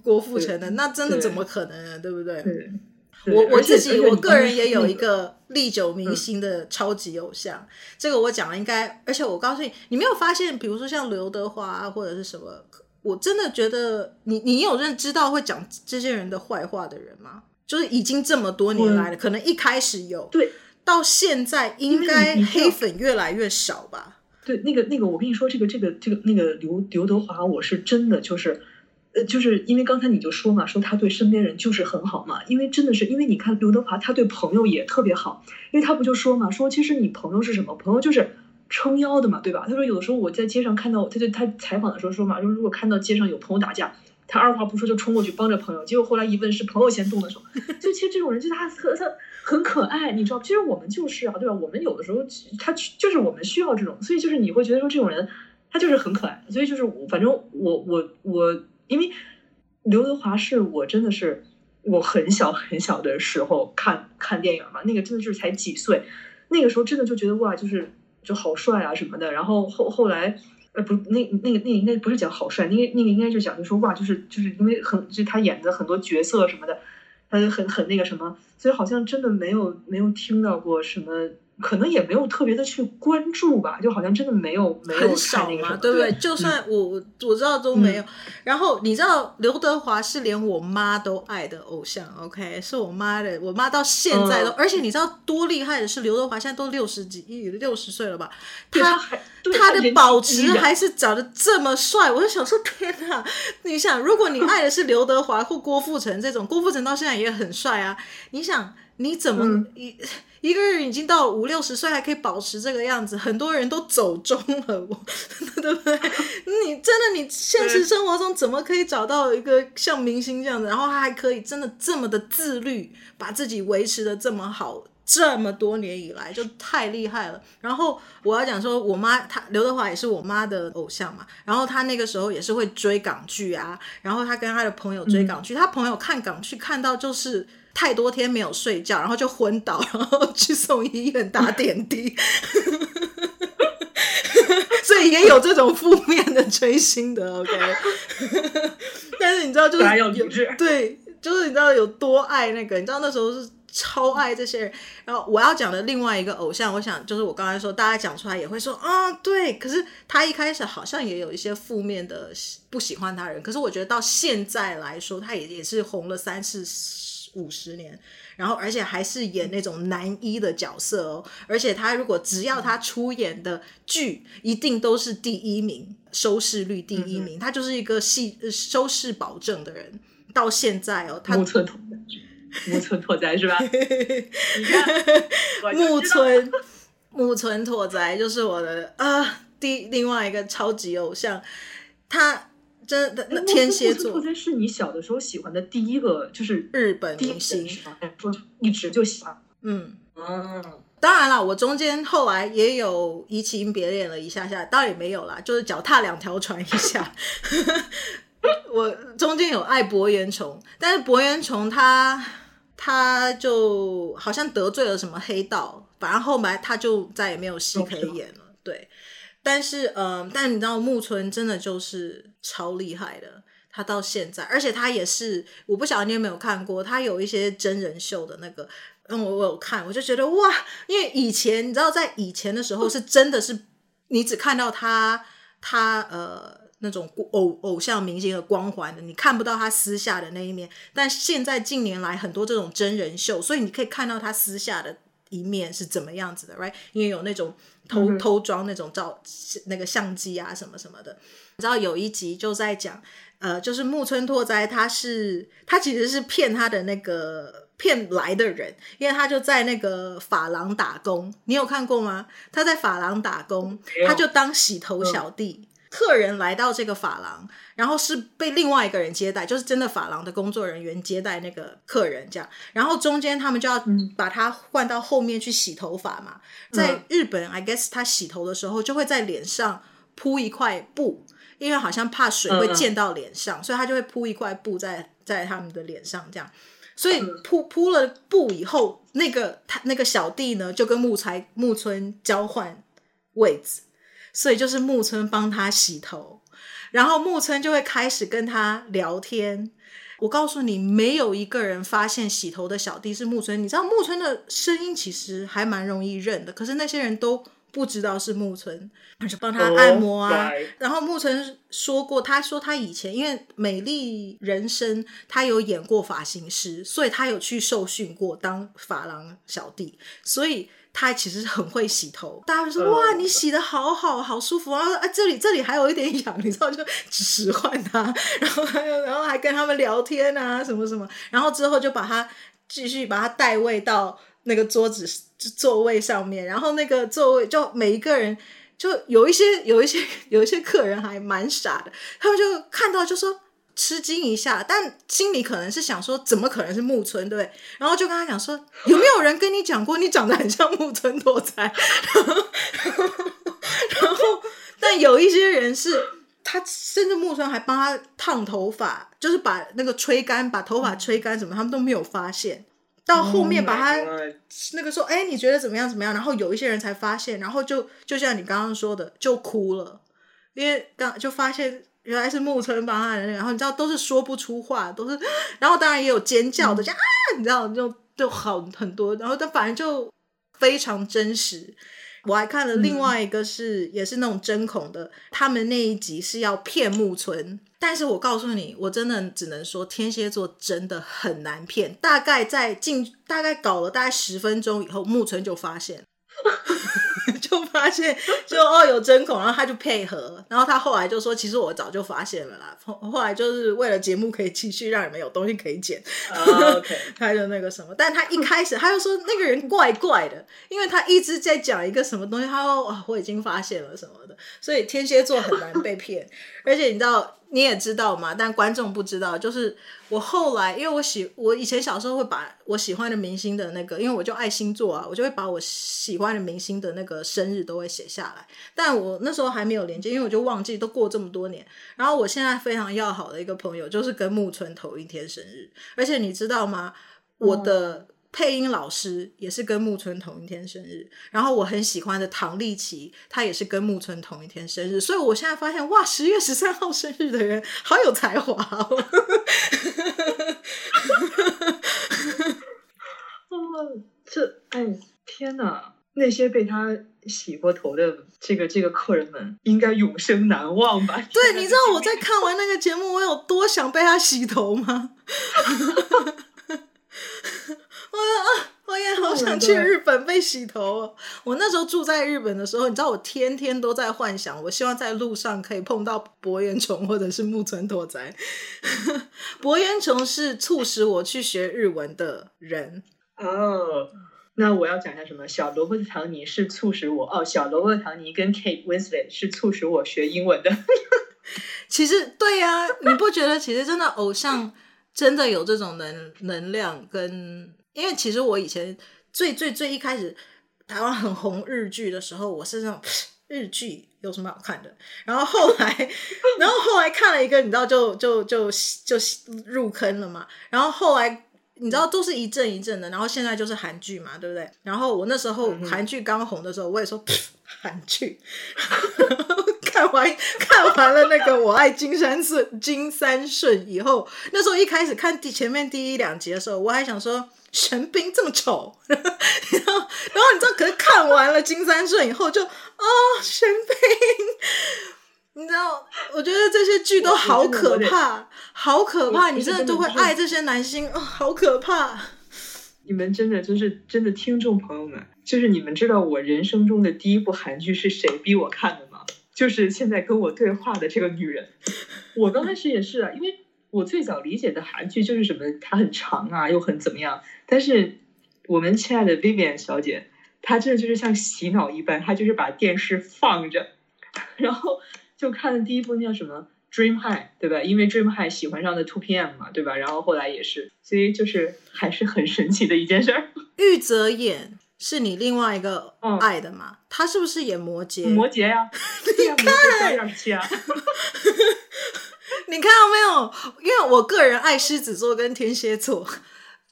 郭富城的，對那真的怎麼可能呢、啊？對，對不對？對對我我自己，那個、我個人也有一個歷久彌新的超級偶像，嗯、這個我講了應該，而且我告訴你，你沒有發現，比如說像劉德華、啊、或者是什麼，我真的覺得你你有認知道會講這些人的壞話的人嗎？就是已經這麼多年來了，我可能一開始有，對，到現在應該黑粉越來越少吧？對，那個那個，我跟你說，這個這個這個那個劉劉德華，我是真的就是。呃，就是因為剛才你就說嘛，說他對身邊人就是很好嘛，因為真的是，因為你看劉德華，他對朋友也特別好，因為他不就說嘛，說其實你朋友是什麼，朋友就是撐腰的嘛，對吧？他說有的時候我在街上看到，他就他採訪的時候說嘛，說如果看到街上有朋友打架，他二話不說就衝過去幫着朋友，結果後來一問是朋友先動的手，就其實這種人就他他很可愛，你知道，其實我們就是啊，對吧？我們有的時候他就是我們需要這種，所以就是你會覺得說這種人他就是很可愛，所以就是我反正我我我。因為劉德華是我真的是我很小很小的時候看看電影嘛，那個真的就是才幾歲，那個時候真的就覺得哇，就是就好帥啊什麼的。然後後後來，呃，不，那那個那個應該不是講好帥，那個那個應該就講就，就說哇，就是就是因為很就他演的很多角色什麼的，他就很很那個什麼，所以好像真的沒有沒有聽到過什麼。可能也沒有特別的去關注吧，就好像真的沒有沒有很少嘛對不對？就算我、嗯、我知道都沒有。嗯、然後你知道劉德華是連我媽都愛的偶像、嗯、，OK，是我媽的，我媽到現在都，嗯、而且你知道多厲害的是劉德華現在都六十幾，六十歲了吧？他他對她的保持還,、啊、還是長得這麼帥，我就想說天哪！你想，如果你愛的是劉德華或郭富城這種， 郭富城到現在也很帥啊。你想你怎麼？嗯一個人已經到五六十歲，還可以保持這個樣子，很多人都走鐘了，我，我對不對？你真的，你現實生活中怎麼可以找到一個像明星這樣子，對然後他還可以真的這麼的自律，把自己維持得這麼好，這麼多年以來就太厲害了。然後我要講說，我媽他劉德華也是我媽的偶像嘛，然後他那個時候也是會追港劇啊，然後他跟他的朋友追港劇，他朋友看港劇看到就是。嗯太多天沒有睡覺，然後就昏倒，然後去送醫院打點滴， 所以也有這種負面的追星的。OK， 但是你知道，就是有對，就是你知道有多愛那個，你知道那時候是超愛這些人。然後我要講的另外一個偶像，我想就是我剛才說大家講出來也會說啊，對。可是他一開始好像也有一些負面的不喜歡他人，可是我覺得到現在來說，他也也是紅了三四五十年，然後而且還是演那種男一的角色哦，而且他如果只要他出演的劇，嗯、一定都是第一名，收視率第一名，嗯、他就是一個戲收視保證的人。到現在哦，他木村木村拓哉是吧？ 你看木村木村拓哉就是我的啊、呃、第另外一個超級偶像，他。真的，欸、天蠍座才是你小的時候喜歡的第一個，就是日本明星，一直就喜歡。嗯，嗯，當然了，我中間後來也有移情別戀了一下下，倒也沒有啦，就是腳踏兩條船一下。 我中間有愛柏原崇，但是柏原崇他他就好像得罪了什麼黑道，反而後來他就再也沒有戲可以演了。Okay. 對。但是，嗯，但你知道木村真的就是超厲害的。他到現在，而且他也是，我不曉得你有沒有看過，他有一些真人秀的那個，嗯，我我有看，我就覺得哇，因為以前你知道，在以前的時候是真的是你只看到他他呃那種偶偶像明星的光環的，你看不到他私下的那一面。但現在近年來很多這種真人秀，所以你可以看到他私下的一面是怎麼樣子的，right？因為有那種。偷偷裝那種照那個相機啊什麼什麼的，你知道有一集就在講，呃，就是木村拓哉他是他其實是騙他的那個騙來的人，因為他就在那個髮廊打工，你有看過嗎？他在髮廊打工，Okay. 他就當洗頭小弟。嗯客人來到這個髮廊，然後是被另外一個人接待，就是真的髮廊的工作人員接待那個客人，這樣。然後中間他們就要把他換到後面去洗頭髮嘛。在日本，嗯，I guess 他洗頭的時候就會在臉上鋪一塊布，因為好像怕水會濺到臉上，嗯嗯，所以他就會鋪一塊布在在他們的臉上這樣。所以鋪鋪了布以後，那個他那個小弟呢就跟木才木村交換位置。所以就是木村幫他洗頭，然後木村就會開始跟他聊天。我告訴你，沒有一個人發現洗頭的小弟是木村。你知道木村的聲音其實還蠻容易認的，可是那些人都不知道是木村，還是幫他按摩啊。Oh, bye. 然後木村說過，他說他以前因為《美麗人生》他有演過髮型師，所以他有去受訓過當髮廊小弟，所以。他其實很會洗頭，大家就說哇，你洗的好好，好舒服啊！啊這裡這裡還有一點癢，你知道就使喚他，然後還有然後還跟他們聊天啊，什麼什麼，然後之後就把他繼續把他帶位到那個桌子就座位上面，然後那個座位就每一個人就有一些有一些有一些客人還蠻傻的，他們就看到就說。吃驚一下，但心裡可能是想說，怎麼可能是木村？對，對，然後就跟他講說，有沒有人跟你講過，你長得很像木村拓哉然後？然後，但有一些人是他，甚至木村還幫他燙頭髮，就是把那個吹乾，把頭髮吹乾什麼，怎麼他們都沒有發現。到後面把他那個說，哎，你覺得怎麼樣？怎麼樣？然後有一些人才發現，然後就就像你剛剛說的，就哭了，因為剛就發現。原來是木村幫他，然後你知道都是說不出話，都是，然後當然也有尖叫的，就、嗯、啊，你知道就就好很多，然後他反正就非常真實。我還看了另外一個是、嗯、也是那種針孔的，他們那一集是要騙木村，但是我告訴你，我真的只能說天蠍座真的很難騙。大概在進大概搞了大概十分鐘以後，木村就發現。 就發現，就哦，有針孔，然後他就配合，然後他後來就說，其實我早就發現了啦。後，後來就是為了節目可以繼續讓你們有東西可以剪，oh, okay. 他就那個什麼。但他一開始他又說那個人怪怪的，因為他一直在講一個什麼東西，他說哇我已經發現了什麼的，所以天蠍座很難被騙， 而且你知道。你也知道嘛，但觀眾不知道。就是我後來，因為我喜，我以前小時候會把我喜歡的明星的那個，因為我就愛星座啊，我就會把我喜歡的明星的那個生日都會寫下來。但我那時候還沒有連接，因為我就忘記都過這麼多年。然後我現在非常要好的一個朋友，就是跟木村頭一天生日，而且你知道嗎？我的、嗯。配音老師也是跟木村同一天生日，然後我很喜歡的唐立淇，他也是跟木村同一天生日，所以我現在發現，哇，十月十三號生日的人好有才華哦！ 哦，這，哎，天哪，那些被他洗過頭的這個這個客人們，應該永生難忘吧？對， 你知道我在看完那個節目，我有多想被他洗頭嗎？ 我也好想去日本被洗頭。Oh，我那時候住在日本的時候，你知道我天天都在幻想，我希望在路上可以碰到博彥蟲或者是木村拓哉。博彥蟲是促使我去學日文的人哦，oh, 那我要講一下什麼？小羅伯特唐尼是促使我哦，oh, 小羅伯特唐尼跟 Kate Winslet 是促使我學英文的。 其實，對呀，啊，你不覺得？其實真的偶像真的有這種能能量跟。因為其實我以前最最最一開始台灣很紅日劇的時候，我是那種日劇有什麼好看的？然後後來，然後後來看了一個，你知道就就就就入坑了嘛。然後後來你知道都是一陣一陣的。然後現在就是韓劇嘛，對不對？然後我那時候韓劇剛紅的時候，我也說、嗯、哼韓劇 看完看完了那個我愛金三順金三順以後，那時候一開始看第前面第一兩集的時候，我還想說。玄彬這麼醜，然後然後你知道，可是看完了《金三順》以後就啊、 哦，玄彬，你知道，我覺得這些劇都好可怕，好可怕，你真的都會愛這些男星，哦，好可怕。你們真的就是真的聽眾朋友們，就是你們知道我人生中的第一部韓劇是誰逼我看的嗎？就是現在跟我對話的這個女人。我剛開始也是，啊，因為。 我最早理解的韓劇就是什麼，它很長啊，又很怎麼樣。但是我們親愛的 Vivian 小姐，她真的就是像洗腦一般，她就是把電視放着，然後就看的第一部那叫什麼《Dream High》，對吧？因為 Dream High 喜歡上的 2PM 嘛，對吧？然後後來也是，所以就是還是很神奇的一件事兒。玉澤演是你另外一個愛的嗎？嗯、他是不是演摩羯？摩羯呀、啊， 對呀、啊，摩羯去啊。 你看到沒有？因為我個人愛獅子座跟天蠍座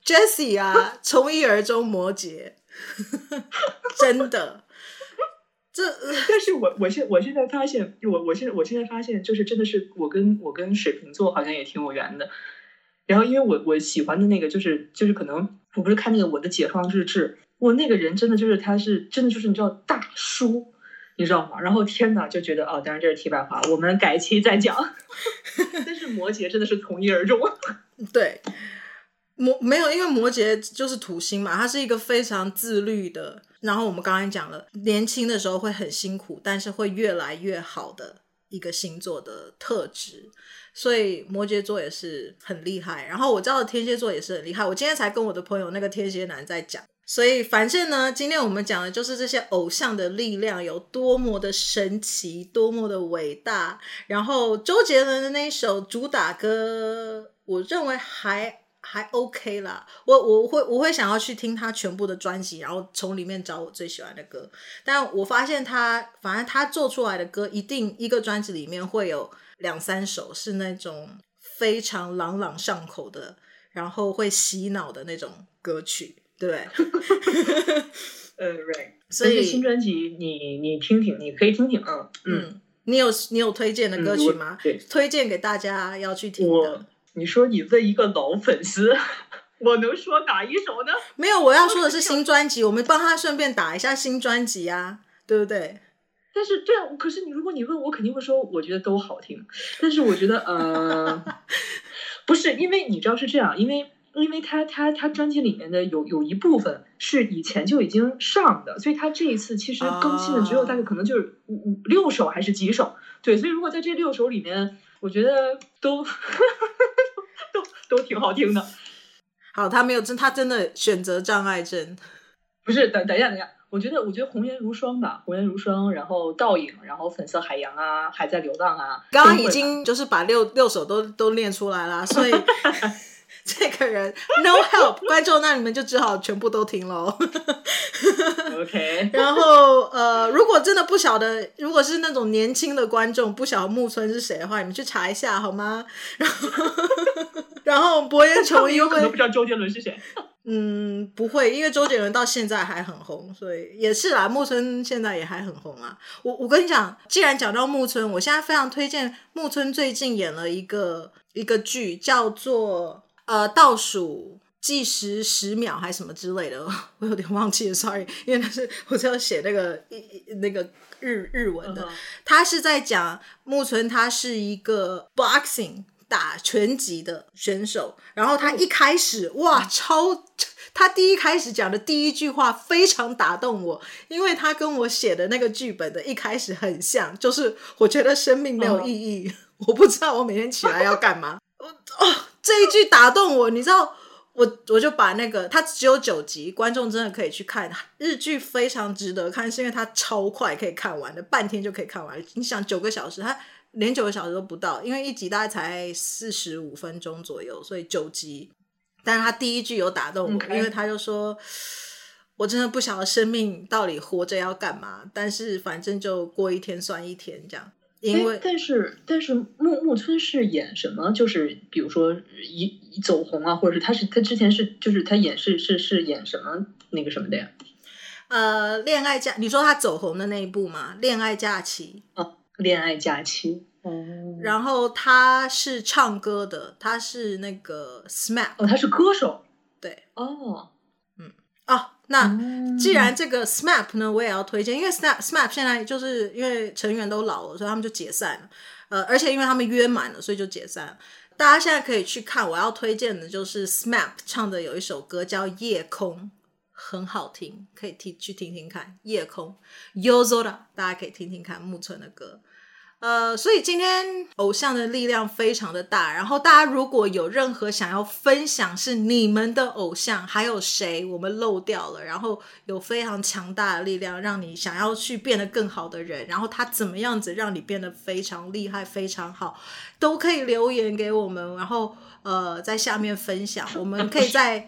，Jessie 啊，從一而終摩羯， 真的。這，但是我我現在我現在發現，我我現在我現在發現，就是真的是我跟我跟水瓶座好像也挺有緣的。然後，因為我我喜歡的那個，就是就是可能我不是看那個《我的解放日誌》，我那個人真的就是他是真的就是你知道大叔。你知道嗎？然後天吶，就覺得哦，當然這是題外話，我們改期再講。 但是摩羯真的是從一而終。 對，摩沒有，因為摩羯就是土星嘛，他是一個非常自律的。然後我們剛才講了，年輕的時候會很辛苦，但是會越來越好的一個星座的特質。所以摩羯座也是很厲害。然後我知道天蠍座也是很厲害。我今天才跟我的朋友那個天蠍男在講。所以，反正呢，今天我們講的就是這些偶像的力量有多麼的神奇，多麼的偉大。然後，周杰倫的那一首主打歌，我認為還還 OK 啦。我我會我會想要去聽他全部的專輯，然後從裡面找我最喜歡的歌。但我發現他，反正他做出來的歌，一定一個專輯裡面會有兩三首是那種非常朗朗上口的，然後會洗腦的那種歌曲。對，呃，right。所以新專輯你你聽聽，你可以聽聽啊，嗯，你有你有推薦的歌曲嗎？嗯、對，推薦給大家要去聽的。我，你說你問一個老粉絲，我能說哪一首呢？沒有，我要說的是新專輯，我們幫他順便打一下新專輯啊，對不對？但是對啊，可是你如果你問我，我肯定會說我覺得都好聽，但是我覺得呃， 不是，因為你知道是這樣，因為。因為他他他專輯裡面的有有一部分是以前就已經上的，所以他這一次其實更新的只有大概可能就是五五、Oh. 六首還是幾首？對，所以如果在這六首裡面，我覺得都 都都挺好聽的。好，他沒有真他真的選擇障礙症，不是？等等一下，等一下，我覺得我覺得紅顏如霜吧，紅顏如霜，然後倒影，然後粉色海洋啊，還在流浪啊，剛剛已經就是把六六首都都練出來了，所以。 這個人 no help 觀眾，那你們就只好全部都聽咯 OK，然後呃，如果真的不曉得，如果是那種年輕的觀眾不曉得木村是誰的話，你們去查一下好嗎？然後， 然後博彥瓊有可能不知道周杰倫是誰？嗯，不會，因為周杰倫到現在還很紅，所以也是啦。木村現在也還很紅啊。我我跟你講，既然講到木村，我現在非常推薦木村最近演了一個一個劇，叫做。呃，倒數計時十秒還是什麼之類的，我有點忘記了，sorry。因為他是我是要寫那個一那個日日文的，uh huh. 他是在講木村，他是一個 boxing 打拳擊的選手。然後他一開始，uh huh. 哇，超他第一開始講的第一句話非常打動我，因為他跟我寫的那個劇本的一開始很像，就是我覺得生命沒有意義，uh huh. 我不知道我每天起來要幹嘛。 哦，這一句打動我，你知道，我我就把那個他只有九集，觀眾真的可以去看日劇，非常值得看，是因為他超快可以看完的，半天就可以看完了。你想九個小時，他連九個小時都不到，因為一集大概才四十五分鐘左右，所以九集。但是他第一句有打動我，Okay. 因為他就說：“我真的不曉得生命到底活着要幹嘛，但是反正就過一天算一天。”這樣。因為但是但是木木村是演什麼？就是比如說一一走紅啊，或者是他是他之前是就是他演是是是演什麼那個什麼的呀？呃，戀愛假，你說他走紅的那一部嗎？戀愛假期啊。哦，戀愛假期。嗯，然後他是唱歌的，他是那個 SMAP 哦，他是歌手，對哦，嗯啊。那、嗯、既然這個 SMAP 呢，我也要推薦，因為 SMAP 現在就是因為成員都老了，所以他們就解散了。呃，而且因為他們約滿了，所以就解散了。大家現在可以去看，我要推薦的就是 SMAP 唱的有一首歌叫《夜空》，很好聽，可以聽去聽聽看《夜空》。YOZORA，大家可以聽聽看木村的歌。呃，所以今天偶像的力量非常的大。然後大家如果有任何想要分享，是你們的偶像還有誰我們漏掉了？然後有非常強大的力量讓你想要去變得更好的人，然後他怎麼樣子讓你變得非常厲害、非常好，都可以留言給我們。然後呃，在下面分享，我們可以在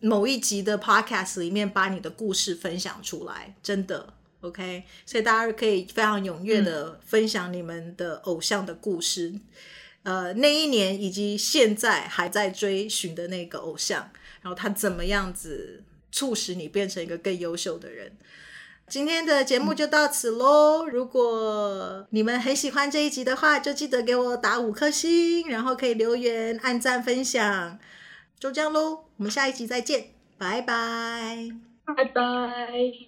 某一集的 Podcast 裡面把你的故事分享出來，真的。OK，所以大家可以非常踴躍的分享你們的偶像的故事，嗯、呃，那一年以及現在還在追尋的那個偶像，然後他怎麼樣子促使你變成一個更優秀的人？今天的節目就到此嘍。嗯、如果你們很喜歡這一集的話，就記得給我打五顆星，然後可以留言、按讚、分享，就這樣嘍。我們下一集再見，拜拜，拜拜。